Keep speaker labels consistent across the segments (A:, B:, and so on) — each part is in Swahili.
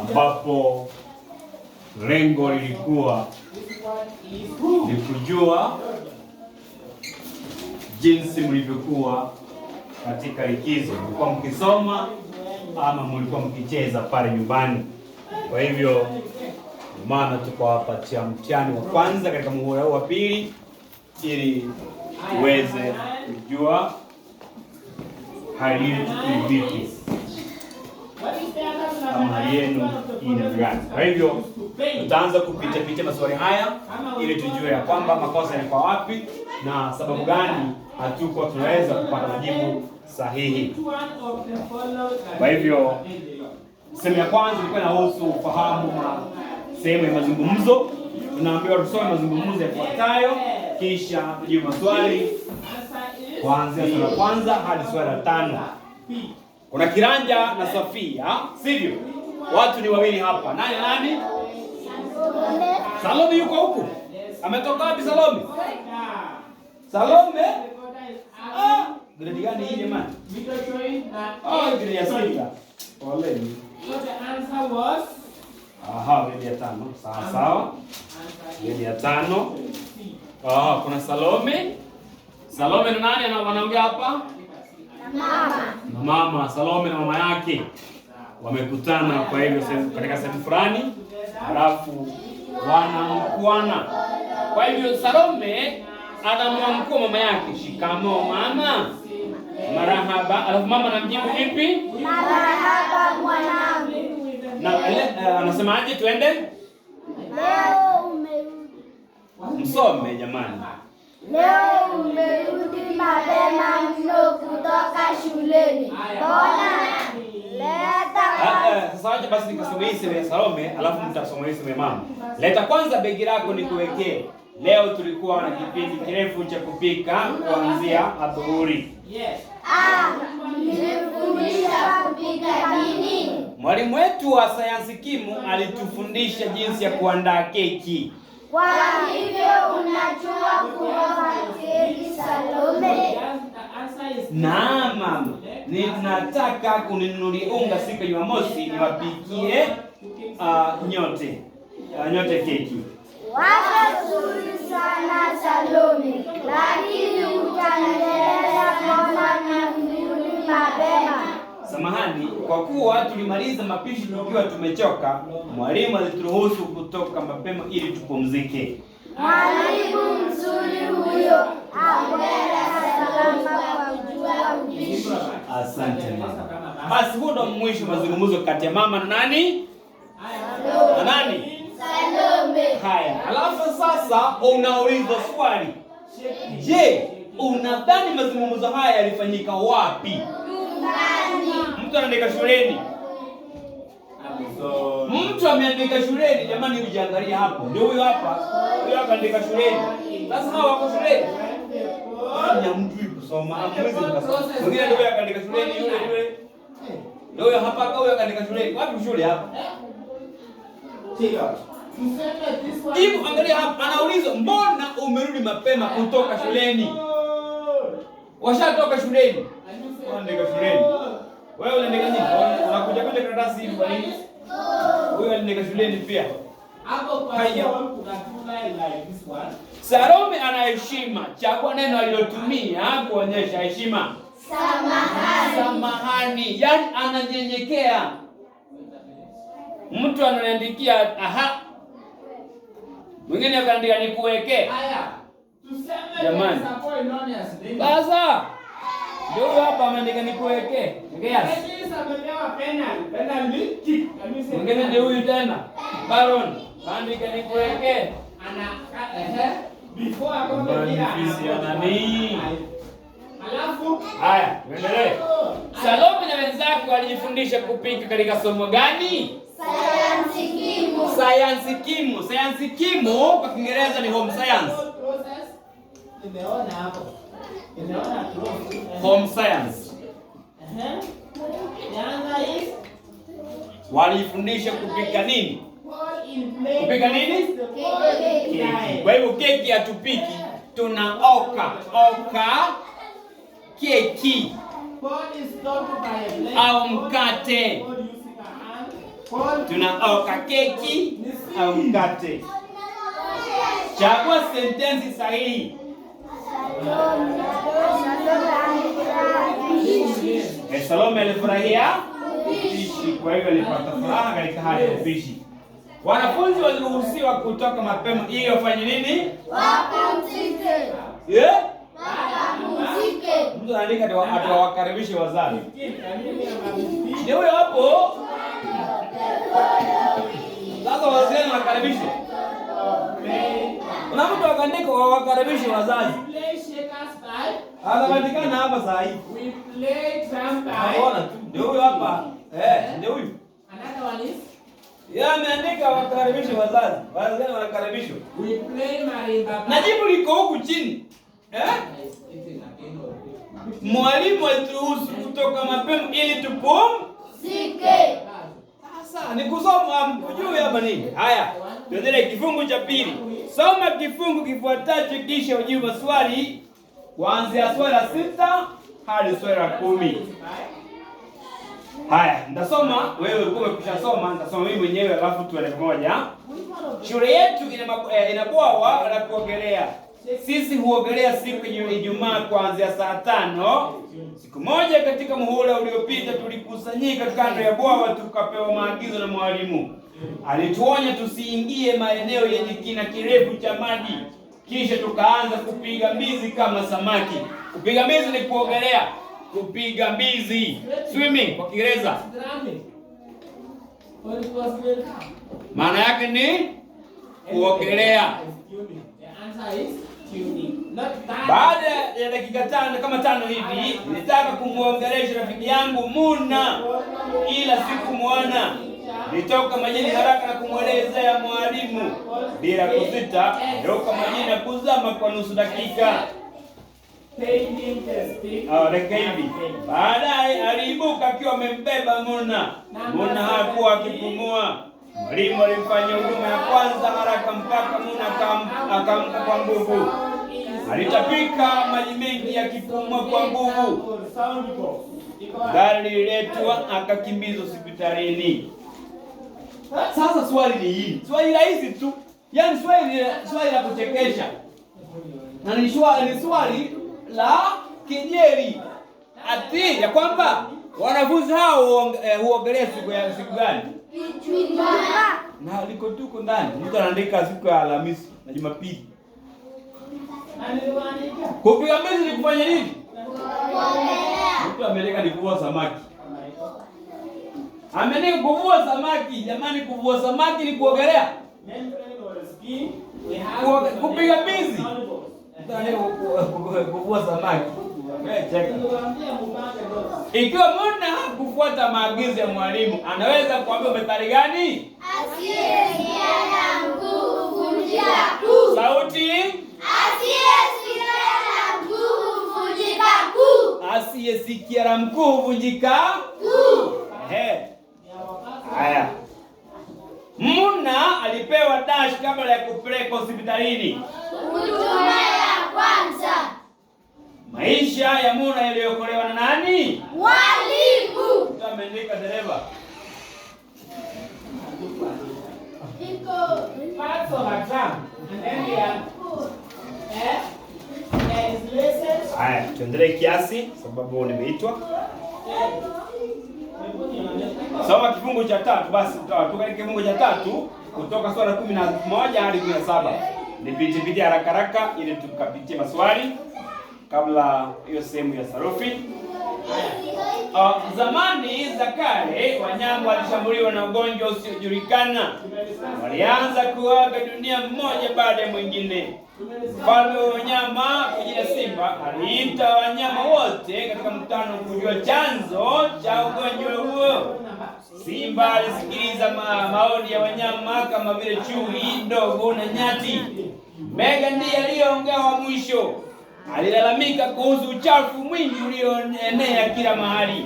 A: ambapo lengo lilikuwa ni kujua jinsi mlivyokuwa katika likizo, mlikuwa mkisoma ama mlikuwa mkicheza pale nyumbani. Kwa hivyo maana tukawapatia mtihani wa kwanza katika muhula huu wa pili, ili tuweze kujua hali ilivyo amana yenu ina gani? Kwa hivyo tutaanza kupita pita maswali haya ili tujue ya kwamba makosa kwa wapi na sababu gani hatuko tunaweza kupata majibu sahihi. Kwa hivyo sehemu ya kwanza ilikuwa inahusu ufahamu na sehemu ya mazungumzo. Tunaambiwa tusome mazungumzo yafuatayo, kisha tujibu maswali kuanzia swali la kwanza hadi swali la tano. Kuna kiranja na Safia, sivyo? Watu ni wawili hapa. Nani nani? Salome yuko huku. Ametoka wapi Salome? Salome? Ah, gredi gani hii jamani? Oh, gredi ya sita. Ole. The answer was Aha, grade ya tano. Sawa sawa. Grade ya tano. Oh, kuna Salome. Salome ni nani anaongea hapa? mama. mama Salome na mama yake wamekutana kwa hivyo katika sehemu fulani, halafu wanamkuana. Kwa hivyo Salome anamwamkua mama yake, shikamo mama, marahaba. Alafu mama anamjibu vipi?
B: Marahaba mwanangu.
A: Na eh, eh, anasemaje? Tuende msome jamani.
C: Leo umerudi mapema mno kutoka shuleni.
D: Bona
E: leta. Ah,
A: eh, sasa wacha basi nikasome hii ya Salome, alafu hii ya mama. Leta kwanza begi lako nikuwekee. Leo tulikuwa na kipindi kirefu cha kupika kuanzia adhuhuri.
F: Ah, nilifundisha kupika nini?
A: Mwalimu wetu wa sayansi Kimu alitufundisha jinsi ya kuandaa keki.
G: Kwa hivyo unajua kuwa Mfalme Salome.
A: Naam mama, ninataka kuninunulia unga siku ya Jumamosi niwapikie uh, nyote uh, nyote keki.
H: Wazo zuri sana Salome, lakini utanelea
A: Samahani, kwa kuwa tulimaliza mapishi tukiwa tumechoka, mwalimu alituruhusu kutoka mapema ili tupumzike.
I: Mwalimu mzuri huyo, hongera salama kwa kujua
A: Asante mama. Basi huo ndo mwisho mazungumzo kati ya mama na nani na nani. Haya, alafu sasa unauliza swali, je, unadhani mazungumzo haya yalifanyika wapi? Mtu anaandika shuleni, mtu ameandika shuleni. Jamani, ujiangalie hapo, ndio huyo hapa, huyo hapa andika shuleni. Sasa hawa wako shuleni na mtu yuko soma, mwingine ndio akaandika shuleni, yule yule ndio huyo hapa, kwa huyo akaandika shuleni. Wapi shule hapa? Ibu, angalia hapa, anauliza mbona umerudi mapema kutoka shuleni? Washatoka shuleni unaandika shuleni. Wewe unaandika nini? Unakuja kwenye karatasi hivi kwa nini? Wewe unaandika shuleni pia. Hapo kwa hiyo tunatuna like this one. Salome ana heshima. Chagua neno alilotumia kuonyesha heshima.
J: Samahani.
A: Samahani. Yaani ananyenyekea. Mtu ananiandikia aha. Mwingine akaandika nikuwekee. Haya. Tuseme jamani. Sasa ndio hapa ameandika nikuweke. Ngeas. Mwingine ni huyu tena. Baron, andika nikuweke. Ana
K: ehe. Eh, before akombe
L: anani.
M: Alafu haya, endelee.
A: Salome na wenzake walijifundisha kupika katika somo gani?
N: Sayansi kimu.
A: Sayansi kimu. Sayansi kimu kwa Kiingereza ni home science. Nimeona hapo. Home science uh-huh. walifundisha kupika nini? Kupika nini? Keki. Kwa hivyo keki hatupiki, tunaoka oka keki au mkate, tunaoka keki au mkate. Chagua sentensi sahihi. Eh, Salome alifurahia upishi, kwa hivyo alipata furaha katika hali ya upishi. Wanafunzi waliruhusiwa kutoka mapema ili wafanye nini?
O: Wapumzike.
A: Yeah?
P: Wapumzike.
A: Mtu anaandika atawakaribishe wazazi. Ni huyo hapo. Sasa wazazi wanakaribisha na mtu akaandika wakaribishi wazazi. Anapatikana hapa saa hii.
Q: We play trumpet. Unaona tu.
A: Ndio huyo hapa. Eh, eh ndio huyo.
R: Another one is
A: Yeye ameandika wakaribishi wazazi. Wazazi wanakaribishwa.
S: We play marimba.
A: Na jibu liko huku chini. Eh? Mwalimu atuhusu kutoka mapema ili
T: tupumzike.
A: Ni kusoma mkujuu hapa nini? Haya, tuendelee kifungu cha pili. Soma kifungu kifuatacho kisha ujibu maswali kuanzia swali la sita hadi swali la kumi. Haya, nitasoma wewe ulikuwa umekushasoma, nitasoma mimi mwenyewe alafu tuende pamoja. Shule yetu ina eh, ina bwawa la kuogelea. Sisi huogelea siku ya Ijumaa kuanzia saa tano Siku moja katika muhula uliopita tulikusanyika kando ya bwawa, tukapewa maagizo na mwalimu. Alituonya tusiingie maeneo yenye kina kirefu cha maji, kisha tukaanza kupiga mbizi kama samaki. Kupiga mbizi ni kuogelea, kupiga mbizi, swimming kwa Kiingereza, maana yake ni kuogelea. Baada ya dakika tano kama tano hivi, nitaka kumwongelesha rafiki yangu Muna, ila sikumwona. Nitoka majini haraka na kumwelezea mwalimu bila kusita, toka majini na kuzama kwa nusu ah, dakika. hivi baadaye aliibuka akiwa amembeba Muna. Muna hakuwa akipumua. Mwalimu alimfanya huduma akamka kwa nguvu, alitapika maji mengi kipumwa kwa nguvu. Gari lililetwa, akakimbizwa hospitalini. Sasa swali ni hili, swali rahisi tu, yaani swali swali la kuchekesha na ni swali la kejeli, ati ya kwamba wanafunzi hao huogelea eh, siku ya siku gani? Na liko tuko ndani, mtu anaandika siku ya Alhamisi na Jumapili. Kupiga mbizi ni kufanya nini? Mtu ameleka ni kuvua samaki. Ameleka kuvua samaki, jamani kuvua samaki ni kuogelea. Kupiga mbizi. Kuvua samaki. Ikiwa muna kufuata maagizo ya mwalimu, anaweza kuambia umetari gani?
U: Asiye.
A: Aliyesikia la mkuu huvunjika haya. Muna alipewa dash kabla ya kupeleka hospitalini.
R: Huduma ya kwanza.
A: Maisha ya Muna yaliyokolewa na nani?
S: Walimu.
A: Utameandika dereva.
T: Iko. Pato hata. Endia.
A: Eh? Haya, tuendelee kiasi sababu nimeitwa. Soma kifungu cha tatu basi, tukatika kifungu cha tatu kutoka sura kumi na moja hadi kumi na saba Nipitipitie haraka haraka ili tukapitie maswali kabla hiyo sehemu ya sarufi uh, zamani za kale wanyama walishambuliwa na ugonjwa usiojulikana, walianza kuaga dunia mmoja baada ya mwingine. Mfalme wa wanyama kwa jina Simba aliita wanyama wote katika mkutano kujua chanzo cha ugonjwa huo. Simba alisikiliza ma maoni ya wanyama kama vile chui, ndovu na nyati. Mega ndiye aliyeongea wa mwisho alilalamika kuhusu uchafu mwingi ulioenea kila mahali.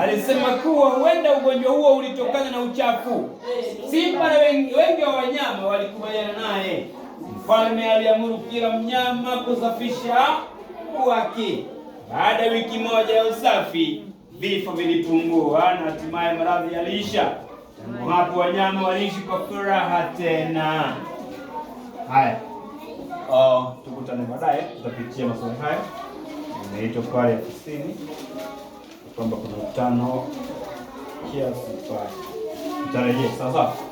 A: Alisema kuwa huenda ugonjwa huo ulitokana na uchafu. Simba na wengi wa wanyama walikubaliana naye. Mfalme aliamuru kila mnyama kusafisha kwake. Baada ya wiki moja ya usafi, vifo vilipungua na hatimaye maradhi yaliisha. Tangu hapo wanyama waliishi kwa furaha tena. Haya tukutane baadaye, tutapitia masomo haya. Inaitwa pale ofisini kwamba kuna mkutano kiasi pale, tutarejea sawa sawa.